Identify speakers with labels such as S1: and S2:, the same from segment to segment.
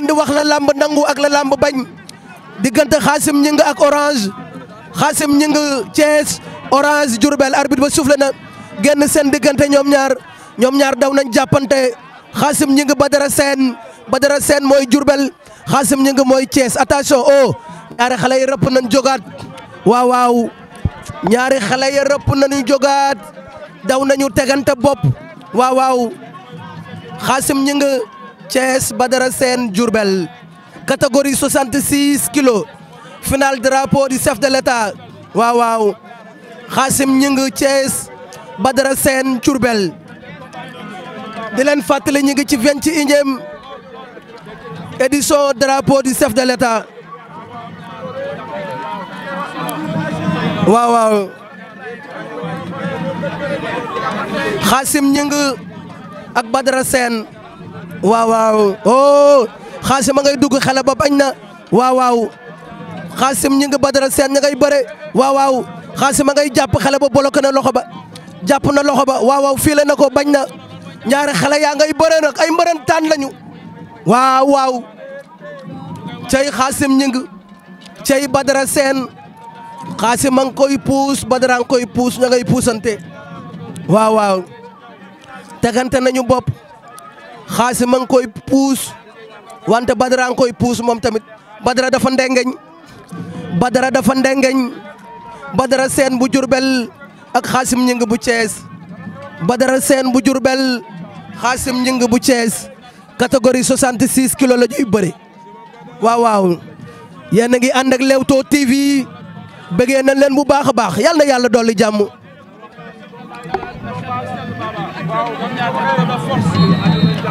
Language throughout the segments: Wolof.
S1: leen di wax la làmb nangu ak la làmb bañ diggante Xaasim ñing ak Orange Xaasim ñing Thiès Orange Diourbel arbitre ba soufflé na genn seen diggante ñoom ñaar ñoom ñaar daw nañ jàppante Xaasim ñing Badara Seen Badara Seen mooy Diourbel Xaasim ñing mooy Thiès attention oh ñaari xale yi rëpp nañ jogaat waaw waaw ñaari xalay yi rëpp nañu jogaat daw nañu teganta bop waaw waaw Xaasim ñing Thiès Badara Sène Diourbel catégorie 66 kilos final drapeau du chef de l'État waaw waaw Xaasim Ñing Thiès Badara Sène Diourbel di leen fàttali ñu ngi ci vingt-et-unième édition drapeau du chef de l'État waaw waaw Xaasim Ñing ak Badara Sène waaw waaw oh xaasim ma ngay dugg xale ba bañ na waaw waaw xaasim ñi badara seen ña ngay bëre waaw waaw xaasim ma ngay jàpp xale ba bolok na loxo ba jàpp na loxo ba waaw waaw fii la na ko bañ na ñaari xale yaa ngay bëre nag ay mbërëntaan lañu waaw waaw cey xaasim ñi ngi cey badara seen xaasim ma ngi koy puus badara ngi koy puus ña ngay puusante waaw waaw tegante nañu bopp xaasi ma ngi koy puus wante Badara ngi koy puus moom tamit Badara dafa ndengeñ Badara dafa ndengeñ Badara seen bu Jurbel ak xaasim ñing bu Cees Badara seen bu Jurbel xaasim ñing bu Cees catégorie 66 kilos la ñuy bëri waaw waaw yéen ngi ànd ak Leewtoo TV bëggee nañ leen bu baax a baax yàlla na yàlla dolli jàmm.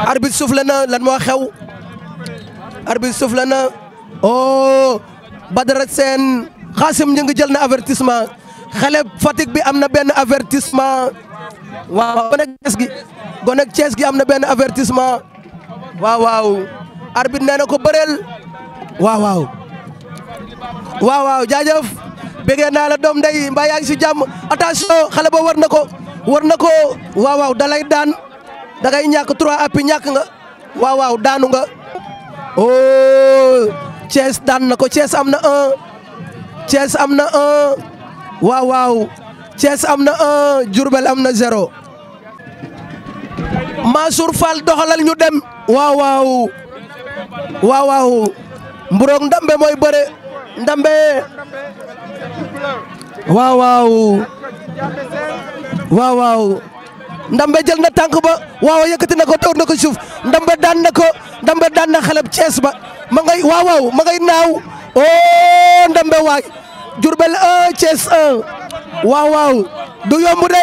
S1: arbitre soufflé na lan moo xew arbitre la na oh Badara Sène Xaasim ñu ngi jël na avertissement xale Fatick bi am na benn avertissement waaw gonek Cees gi gonek Cees gi am na benn avertissement waaw waaw arbitre nee ko bëreel waaw waaw waaw waaw jaajëf bëggee naa la doom ndey mbaa yaa ngi si jàmm attention xale ba war na ko war na ko waaw waaw daan da ngay ñàkk trois appuis ñàkk nga waaw waaw daanu nga. oh Thiès daan na ko Thiès am na un Thiès am na un waaw waaw am na un Diourbel am na zéro Mansour Fall doxalal ñu dem. waaw waaw ndambe mooy bëre ndambe waaw waaw waaw ndambe jël na tànk ba waaw yëkkati ko door na ko suuf ndambe daan na ko ndambe daan na xalab Cees ba ma ngay waaw waaw ma ngay naaw oo oh, ndambe waay Jurbel 1 Cees 1 waaw waaw du yomb de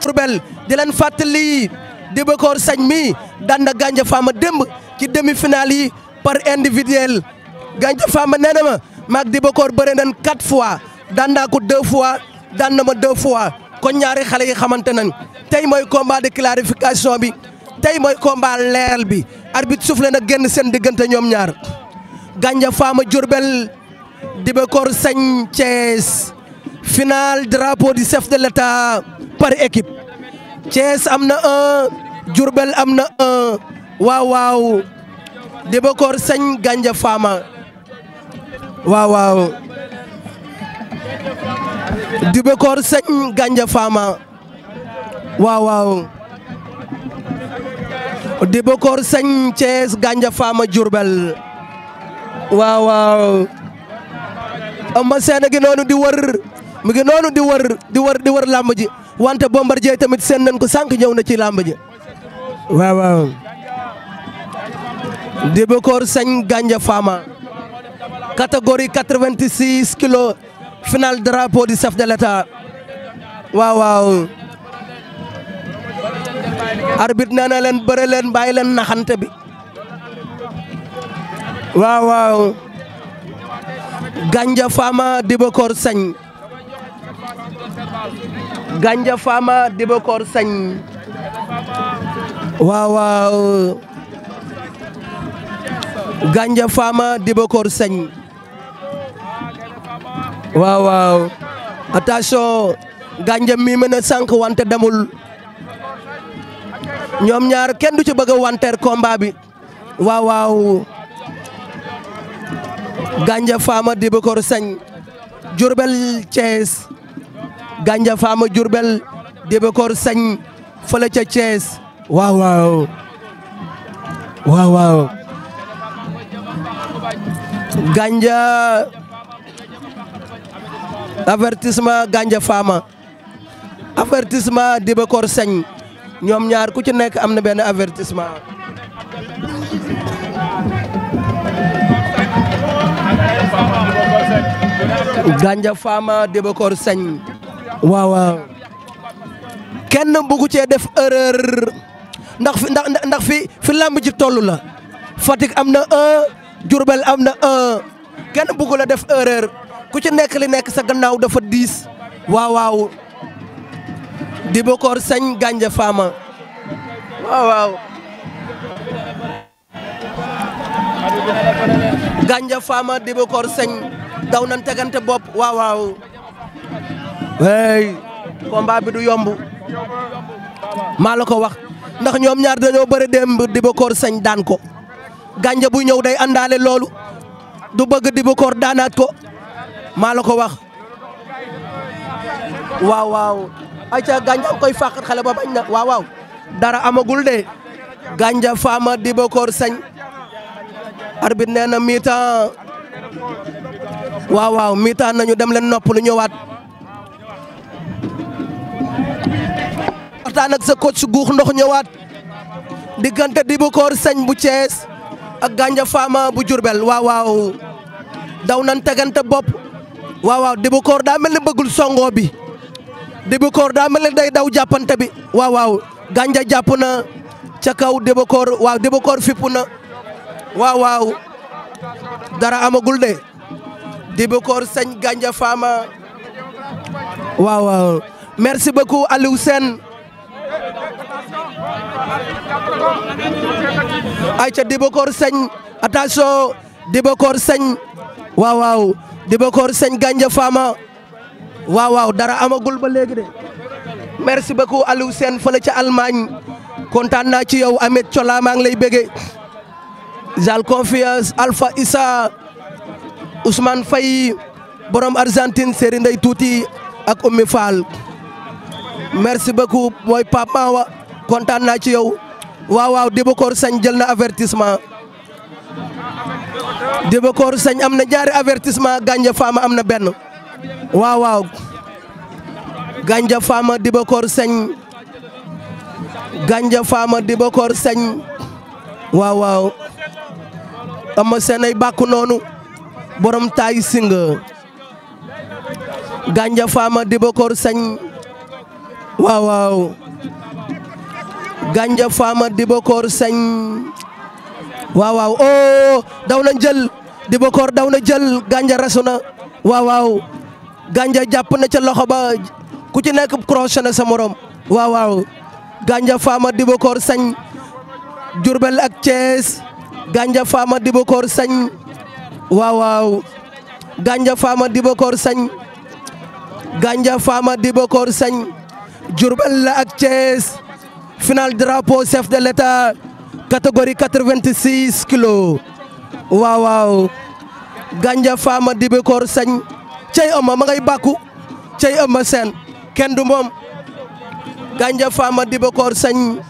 S1: Jurbel di leen fàttali Dibakor Sañ mi daan na Gandia Fama démb ci demi-finale par individuel Gandia Fama nee na ma maag Dibakor bëre nañ fois daan naa ko deux fois daan na ma deux fois kon ñaari xale yi xamante nañ tey mooy combat de clarification bi tey mooy combat leeral bi arbitre soufflé na génn seen diggante ñoom ñaar Gandia Fama Diourbel Dibakor Sagne Thiès final drapeau du chef de l'état par équipe Thiès am na un Diourbel am na un waaw waaw Dibakor Sagne Gandia Fama waaw waaw Dibekor Sëñ Gandia Fama waaw waaw Dibekor Sëñ Thiès Gandia Fama Diourbel waaw waaw Eumeu Sène gi noonu di wër mi ngi noonu di wër di wër di wër làmb ji wante Bombardier tamit seen nañ ko sànq ñëw na ci lambaji ji waaw waaw Dibekor Sëñ Gandia Fama catégorie 86 kilos final drapo du chef de waaw waaw arbitre nee leen bëre leen leen naxante bi waaw waaw ganja fama dibakor sañ ganja fama dibakor sañ waaw waaw ganja fama dibakor sañ waaw waaw attention gànjam mi mën a sànq wante demul ñoom ñaar kenn du ci bëgg a wanteer combat bi waaw waaw gànja faama dibakor sañ jurbel Thiès gànja faama jurbel dibakor sañ fële ca Thiès waaw waaw waaw waaw avertissement Gandia Fama avertissement Dibakor Sagne ñoom ñaar ku ci nekk am na benn avertissement. Gandia Fama Dibakor Sagne waaw waaw kenn bëggu cee def erreur ndax fi ndax ndax fi fi làmb ji toll la Fatick am na un Diourbel am na un kenn bëggu la def erreur. ku ci nekk li nekk sa gannaaw dafa diis waaw waaw Dibakor Sagne Gandia Fama waaw waaw Gandia Fama Dibakor Sagne daw nan tegante bopp waaw waaw hey combat bi du yomb maa la ko wax ndax ñoom ñaar dañoo bëri démb Dibakor Sagne daan ko Gandia bu ñëw day àndaale loolu du bëgg Dibakor daanaat ko maa la ko wax waaw waaw aca gànjaam koy fàqat xale ba bañ na waaw waaw dara amagul de gànja faama Dibakor sañ arbitre nee na mi waaw waaw mi nañu dem leen nopp lu ñëwaat waxtaan nag sa coach guux ndox ñëwaat diggante Dibakor sañ bu Thiès ak gànja faama bu Diourbel waaw waaw daw nan tegante bopp waaw waaw Diboucor daa mel ni bëggul songo bi Diboucor daa mel day daw jàppante bi waaw ganja jàpp na ca kaw Diboucor waaw Diboucor fippu na waaw waaw dara amagul sañ ganja faama waaw waaw merci beaucoup Aliou Sène ay ca Diboucor sañ attention Diboucor sañ waaw waaw Dibakor sëñ Ganja Fama waaw waaw dara amagul ba léegi de merci beaucoup Aliou Sène fële ca Allemagne kontaan naa ci yow Ameth Cola ngi lay bége Jal confiance Alpha Issa Ousmane Faye borom Argentine Serigne Ndey Tuuti ak Oumy Fall merci beaucoup mooy Papa kontaan naa ci yow waaw waaw Dibakor sañ jël na avertissement Dibakor Sagne am na ñaari avertissement Gandia Fama am na benn waaw waaw Gandia Fama Dibakor Sagne Gandia Fama Dibakor Sagne waaw waaw ama seen ay bàkku noonu borom taay singa Gandia Fama Dibakor Sagne waaw waaw Gandia Fama Dibakor Sagne waaw waaw oh daw na jël Dibakor daw na jël Ganja rasu waaw waaw Ganja jàpp na ca loxo ba ku ci nekk crochet sa morom waaw waaw Ganja Fama Dibakor sañ Diourbel ak Thiès Ganja Fama Dibakor sañ waaw Fama Dibakor sañ Ganja Fama Dibakor sañ Diourbel ak Thiès final drapeau chef de l'État catégorie 86 kilos waaw waaw Gandia Fama Dibekor Sagne cey Eumeu ma ngay bàkku cey Eumeu Sène kenn du moom Gandia Fama Dibekor Sagne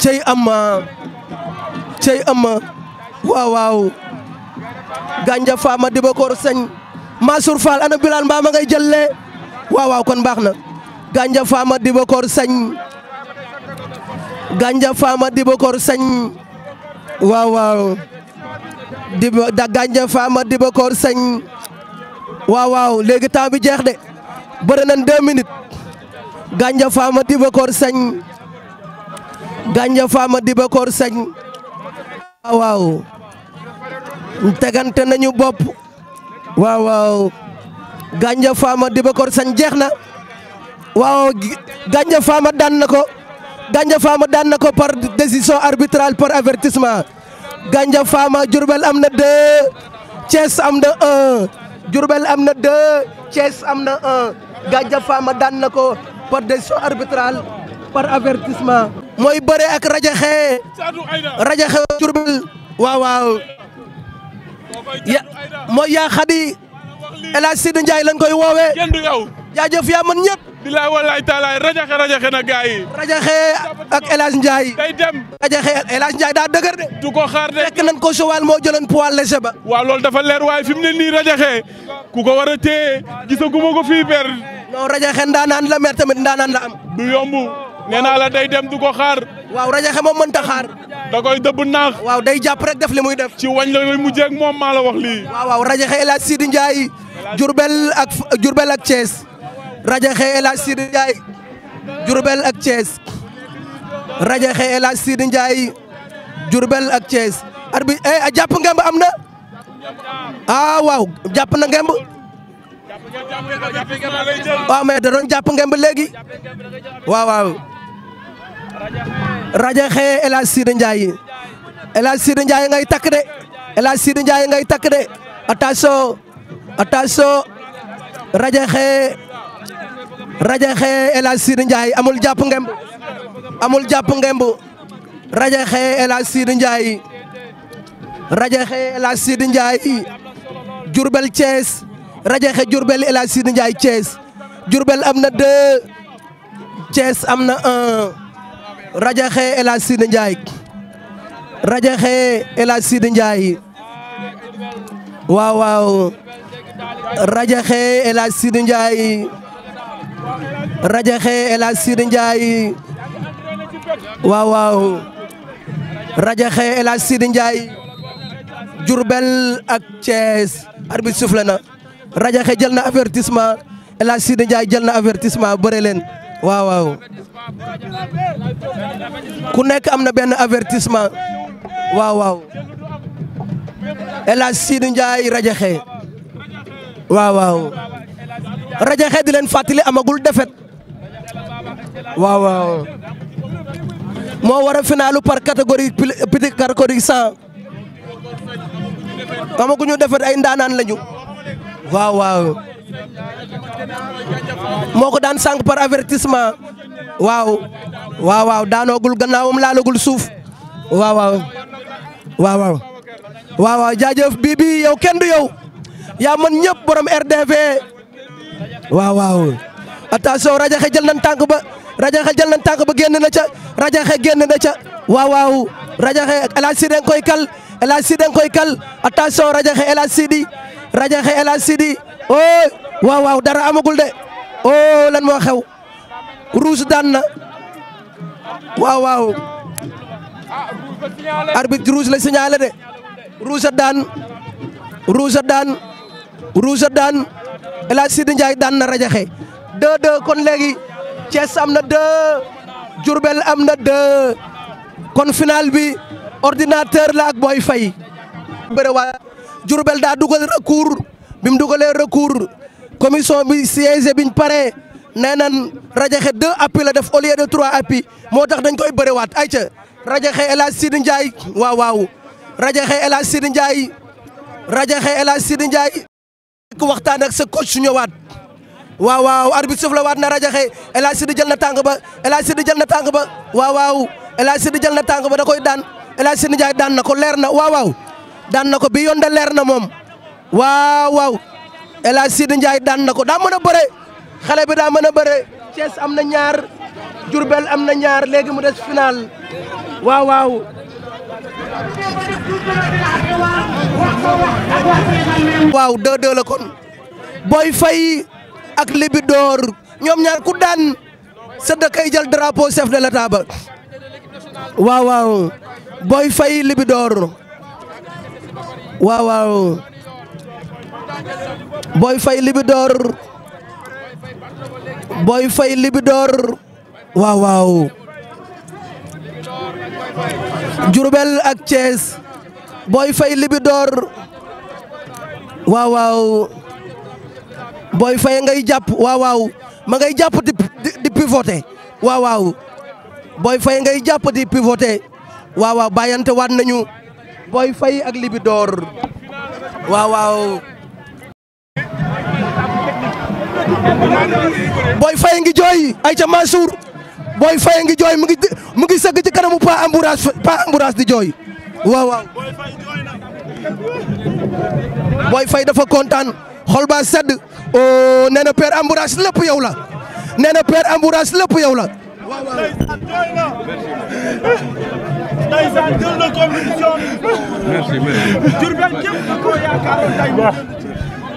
S1: cey Eumeu cey Eumeu waaw waaw Gandia Fama Dibekor Sagne Mansour Fall ana Bilal mbaa ma ngay jëlle waaw waaw kon baax na Gandia Fama Dibekor Sagne ganja faama dibokor sañ waaw waaw dibo da faama dibokor sañ waaw waaw léegi temps bi jeex de bëri na deux minutes ganja faama dibokor sañ ganja faama dibokor sañ waaw waaw tegante nañu bopp waaw waaw ganja faama dibokor sañ jeex na waaw ganja faama daan na ko Gandia Fama daan na ko par décision arbitrale par avertissement Gandia Fama Diourbel am na 2 Thiès am na 1 Diourbel am na 2 Thiès am na 1 Gandia Fama daan na ko par décision arbitrale par avertissement mooy bëre ak rajaxe rajaxe Diourbel waaw waaw ya mooy yaa xadi El Hadj Sidi lañ koy woowee jaajëf yaa mën ñëpp bilaay walaay taalaay rajaxe rajaxe na gaa yi. rajaxe ak El Hadj Ndiaye. day daa dëgër de. du ko xaar de fekk nañ ko sowal moo jëloon poil léger ba. waaw loolu dafa leer waaye fi mu ne nii rajaxe ku ko war a téye gisaguma ko fii ber. non rajaxe ndaanaan la mer tamit ndaanaan la am. du yomb nee naa la day dem du ko xaar. waaw rajaxe moom mënta xaar. da koy dëbb naax. waaw day jàpp rek def li muy def. ci wañ la lay mujjee ak moom maa la wax lii. waaw waaw rajaxe El Sidi Ndiaye. Diourbel rajaxe El Hadj Sidi Ndiaye Diourbel ak Thiès rajaxe El Hadj Sidi Ndiaye Diourbel ak Thiès arbi eh jàpp ngemb am na ah waaw jàpp na ngemb waaw ah, mais da doon ngemb léegi waaw waaw rajaxe El Hadj Sidi Ndiaye El Hadj Sidi Ndiaye ngay takk de El Sidi Ndiaye ngay takk de attention attention rajaxe rajaxe El Hadj Sidi amul jàpp ngemb jàpp ngemb rajaxe El Hadj Sidi Ndiaye rajaxe El Hadj Sidi Ndiaye Diourbel rajaxe Diourbel El Hadj Sidi Ndiaye Thiès Diourbel am na deux am na un rajaxe El Hadj Sidi Ndiaye rajaxe El Hadj Sidi rajaxe El Hadj Sidi Ndiaye waaw waaw rajaxe El Hadj Sidi Ndiaye Diourbel ak Thiès arbitre soufflé na rajaxe jël na avertissement El Hadj Sidi Ndiaye jël na avertissement bëre leen waaw waaw ku nekk am na benn avertissement waaw waaw El Hadj Sidi Ndiaye rajaxe waaw waaw rajaxe di leen fàttali amagul defet waaw waaw moo war a finalu par catégorie petit catégorie cent amaguñu defet ay ndaanaan lañu waaw waaw moo ko daan sànq par avertissement waaw waaw waaw daanoogul gannaawam laalagul suuf waaw waaw waaw waaw waaw waaw jaajëf bii yow kenn yow yaa man ñëpp borom RDV waaw waaw attention rajaxe jël nañ tànk ba rajaxe jël nañ tànk ba génn na ca rajaxe génn na ca waaw waaw rajaxe El Hadj Sidi koy kal El Hadj Sidi rajaxe El Hadj Sidi rajaxe El Hadj Sidi oh waaw waaw dara amagul de oh lan moo xew ruus daan na waaw waaw arbitre ruus la signalé de ruus daan ruus daan ruus daan El Hadj Sidi Ndiaye daan na rajaxe 2-2 kon léegi Thiès am na 2 Diourbel am na 2 kon final bi ordinateur la ak Boy Faye bëre waa Diourbel daa dugal recours bi mu dugalee recours commission bi siège biñ pare nee nan rajaxe 2 appui la def au lieu de 3 appui moo tax dañ koy bëriwaat ayca rajaxe El Sidi Ndiaye waaw waaw rajaxe El Sidi Ndiaye rajaxe El Hadj Sidi Ndiaye waxtaan ak sa coach ñëwaat waaw waaw arbitre sëf waat na rajaxe El Hadj Sidi jël na tàng ba El Hadj Sidi jël na tàng ba waaw waaw El Hadj Sidi jël ba da koy daan El Hadj Sidi Ndiaye daan na ko leer na waaw waaw daan na ko bi yoon de leer na moom waaw waaw El Hadj Sidi daan na ko daa mën a bëre xale bi daa mën a bëre Thiès am na ñaar Diourbel am na ñaar léegi mu des final waaw waaw waaw 2-2 la kon Boy Faye ak Libidor ñoom ñaar ku daan sa dakay jël drapeau chef de l'état ba waaw waaw Boy Faye Libidor waaw waaw Boy Faye Libidor Boy Faye Libidor waaw waaw Diourbel ak Thiès Boy fay Libidor waaw waaw Boy Faye ngay jàpp waaw ma ngay jàpp di di pivoter waaw waaw Boy Faye ngay jàpp di pivoter waaw waaw waat nañu Boy Faye ak Libidor waaw Boy Faye ngi jooy ay ca Mansour booy fay ngi jooy mu ngi mu ngi sëgg ci kanamu pa ambourage pa ambourage di jooy waaw waaw fay dafa kontaan xol ba sedd oh, nee na père ambourage lépp yow la nee na père ambourage yow la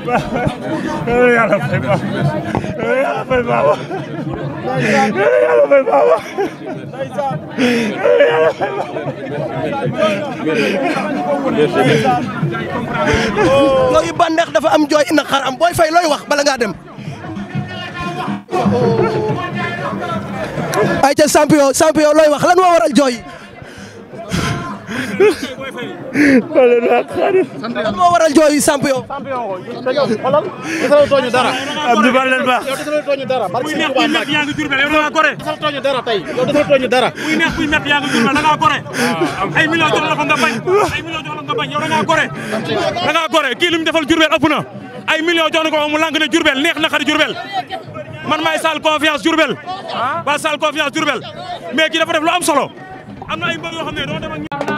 S1: yàlla fay dafa am jooy na xar am booy fay looy wax bala ngaa dem. ayca champion champion wax lan moo waral jooy. wala du ak xaadim. lan moo waral jooy samp yow. tooñu dara. da ngaa da ngaa gore. ay ko nga kii li mu defal Diourbel ëpp na. ay na ko mu lànk ne Diourbel neex na xari Diourbel man maay sal confiance dafa def lu am solo. am na ay mbër yoo xam ne doo dem ak